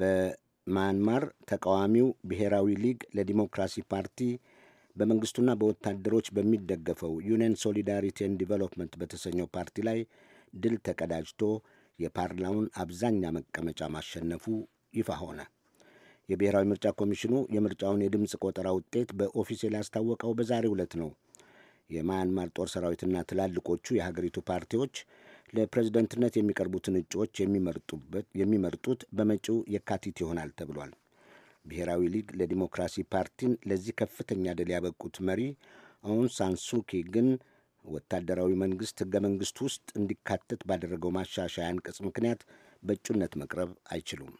በማንማር ተቃዋሚው ብሔራዊ ሊግ ለዲሞክራሲ ፓርቲ በመንግስቱና በወታደሮች በሚደገፈው ዩኒየን ሶሊዳሪቲ ኤንድ ዲቨሎፕመንት በተሰኘው ፓርቲ ላይ ድል ተቀዳጅቶ የፓርላውን አብዛኛ መቀመጫ ማሸነፉ ይፋ ሆነ። የብሔራዊ ምርጫ ኮሚሽኑ የምርጫውን የድምፅ ቆጠራ ውጤት በኦፊሴል ያስታወቀው በዛሬ ዕለት ነው። የማያንማር ጦር ሰራዊትና ትላልቆቹ የሀገሪቱ ፓርቲዎች ለፕሬዝደንትነት የሚቀርቡትን እጩዎች የሚመርጡት በመጪው የካቲት ይሆናል ተብሏል። ብሔራዊ ሊግ ለዲሞክራሲ ፓርቲን ለዚህ ከፍተኛ ድል ያበቁት መሪ አውንግ ሳንሱኪ ግን ወታደራዊ መንግስት ሕገ መንግሥት ውስጥ እንዲካተት ባደረገው ማሻሻያ አንቀጽ ምክንያት በእጩነት መቅረብ አይችሉም።